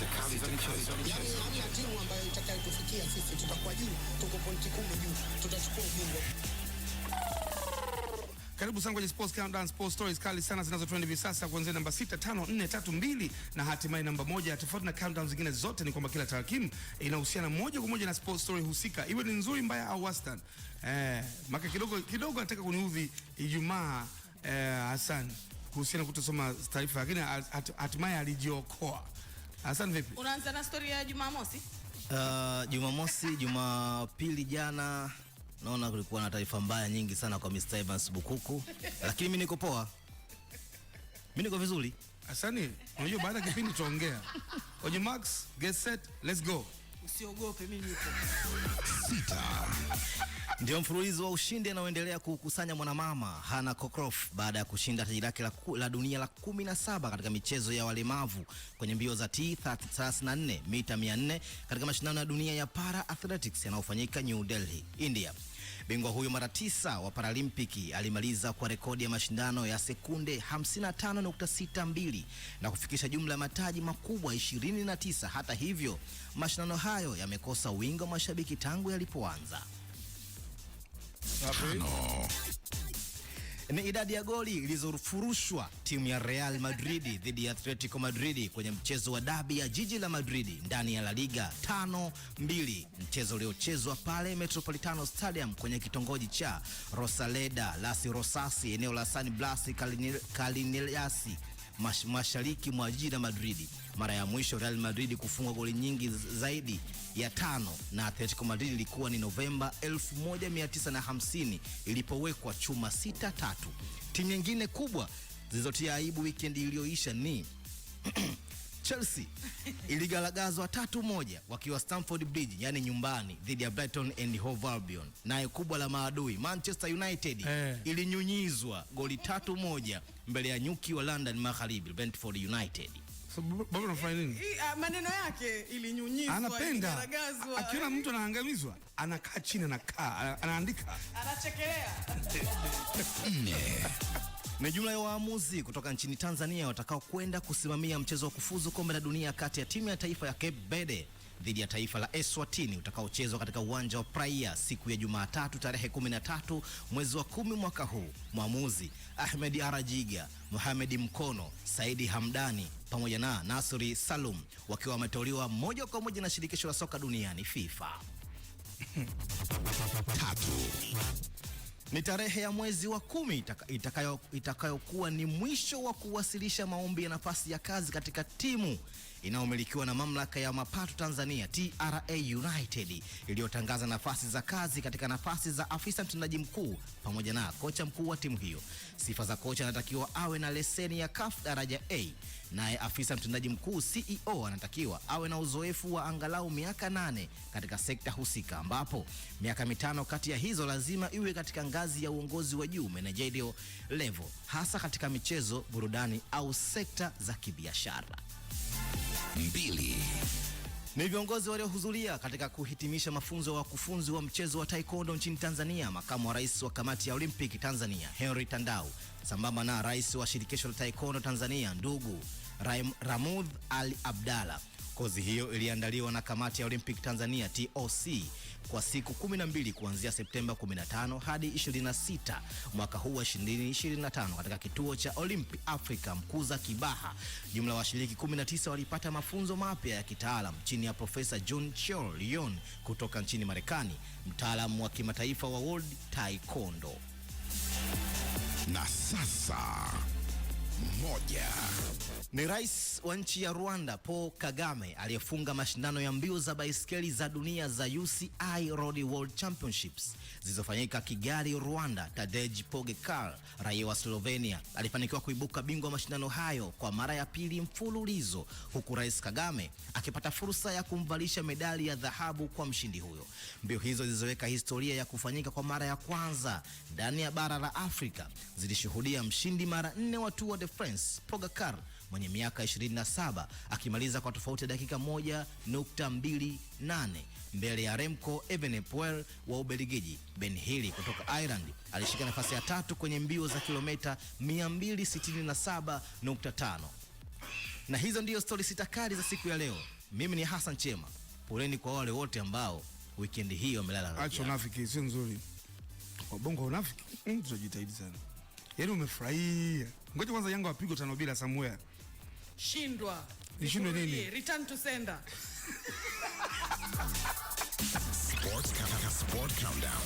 Yaani, yaani Karibu sana kwenye Sports Countdown, Sports Stories kali sana zinazotrend hivi sasa kuanzia namba 6, 5, 4, 3, 2 na hatimaye namba moja. Tofauti na countdown zingine zote ni kwamba kila tarakimu inahusiana moja kwa moja na sports story husika, iwe ni nzuri, mbaya au wastani. Eh, maka kidogo kidogo nataka kuniudhi Ijumaa eh, Hassan kuhusiana kutosoma taarifa, lakini hatimaye alijiokoa. Hassan vipi? Unaanza na story ya Jumamosi? Uh, Jumamosi, Jumapili jana naona kulikuwa na taarifa mbaya nyingi sana kwa Mr. Evans Bukuku, lakini mimi niko poa. Mimi niko vizuri. Hassan, unajua baada ya kipindi tuongea. Oje Max, get set, let's go. Usiogope, mimi nipo. Sita ndio mfululizo wa ushindi anaoendelea kukusanya mwanamama Hana Cockcroft baada ya kushinda taji lake la, la dunia la 17 katika michezo ya walemavu kwenye mbio za T34 mita 400 katika mashindano ya dunia ya para athletics yanayofanyika New Delhi, India. Bingwa huyo mara tisa wa Paralimpiki alimaliza kwa rekodi ya mashindano ya sekunde 55.62 na kufikisha jumla ya mataji makubwa 29. Hata hivyo, mashindano hayo yamekosa wingi wa mashabiki tangu yalipoanza ni idadi ya goli ilizofurushwa timu ya Real Madrid dhidi ya Atletico Madrid kwenye mchezo wa dabi ya jiji la Madrid ndani ya La Liga tano mbili, mchezo uliochezwa pale Metropolitano Stadium kwenye kitongoji cha Rosaleda Las Rosasi, eneo la San Blas Kalineliasi mashariki mwa jiji la Madrid. Mara ya mwisho Real Madrid kufunga goli nyingi zaidi ya tano na Atletico Madrid ilikuwa ni Novemba 1950 ilipowekwa chuma sita tatu. Timu nyingine kubwa zilizotia aibu weekend iliyoisha ni Chelsea iligaragazwa tatu moja wakiwa Stamford Bridge, yani nyumbani, dhidi ya Brighton and Hove Albion. Naye kubwa la maadui Manchester United eh, ilinyunyizwa goli tatu moja mbele ya nyuki wa London Magharibi Brentford United. So, baba unafanya nini? Maneno yake ilinyunyizwa, anapenda akiona mtu anaangamizwa anakaa chini, anakaa anaandika, anachekelea Ni jumla ya waamuzi kutoka nchini Tanzania watakao kwenda kusimamia mchezo wa kufuzu kombe la dunia kati ya timu ya taifa ya Cape Verde dhidi ya taifa la Eswatini utakaochezwa katika uwanja wa Praia siku ya Jumatatu tarehe 13 mwezi wa kumi mwaka huu. Mwamuzi Ahmed Arajiga, muhamedi Mkono, Saidi Hamdani pamoja na Nasri Salum wakiwa wameteuliwa moja kwa moja na shirikisho la soka duniani FIFA. Tatu. ni tarehe ya mwezi wa kumi itakayokuwa itakayo ni mwisho wa kuwasilisha maombi ya nafasi ya kazi katika timu inayomilikiwa na mamlaka ya mapato Tanzania TRA United iliyotangaza nafasi za kazi katika nafasi za afisa mtendaji mkuu pamoja na kocha mkuu wa timu hiyo. Sifa za kocha, anatakiwa awe na leseni ya CAF daraja A, naye afisa mtendaji mkuu CEO anatakiwa awe na uzoefu wa angalau miaka nane katika sekta husika, ambapo miaka mitano kati ya hizo lazima iwe katika ngazi ya uongozi wa juu managerial level, hasa katika michezo, burudani au sekta za kibiashara mbili. Ni viongozi waliohudhuria katika kuhitimisha mafunzo ya wakufunzi wa mchezo wa taekwondo nchini Tanzania, makamu wa rais wa kamati ya Olimpiki Tanzania Henry Tandau sambamba na rais wa shirikisho la taekwondo Tanzania ndugu Ramudh Ali abdalah Kozi hiyo iliandaliwa na kamati ya Olympic Tanzania TOC kwa siku 12 kuanzia Septemba 15 hadi 26 mwaka huu wa 2025 katika kituo cha olympic Africa Mkuza Kibaha. Jumla washiriki 19 walipata mafunzo mapya ya kitaalam chini ya Profesa John Chol Lyon kutoka nchini Marekani, mtaalamu wa kimataifa wa World Taekwondo. Na sasa moja. Ni rais wa nchi ya Rwanda Paul Kagame aliyefunga mashindano ya mbio za baiskeli za dunia za UCI Road World Championships zilizofanyika Kigali, Rwanda. Tadej Pogacar, raia wa Slovenia, alifanikiwa kuibuka bingwa wa mashindano hayo kwa mara ya pili mfululizo, huku Rais Kagame akipata fursa ya kumvalisha medali ya dhahabu kwa mshindi huyo. Mbio hizo zilizoweka historia ya kufanyika kwa mara ya kwanza ndani ya bara la Afrika zilishuhudia mshindi mara nne wa de France Pogacar mwenye miaka 27 akimaliza kwa tofauti ya dakika 1.28 mbele ya Remco Evenepoel wa Ubelgiji. Ben Hill kutoka Ireland alishika nafasi ya tatu kwenye mbio za kilomita 267.5. Na hizo ndiyo stori sita kali za siku ya leo. Mimi ni Hassan Chema. Poleni kwa wale wote ambao wikendi hii wamelala. Acha unafiki, si nzuri. bongo. unafiki, mm, tunajitahidi sana. Yaani umefurahia. Ngoja kwanza Yanga wapigwe tano bila somewhere. Shindwa. Nishindwe nini? Return to sender. Sports Sport Countdown.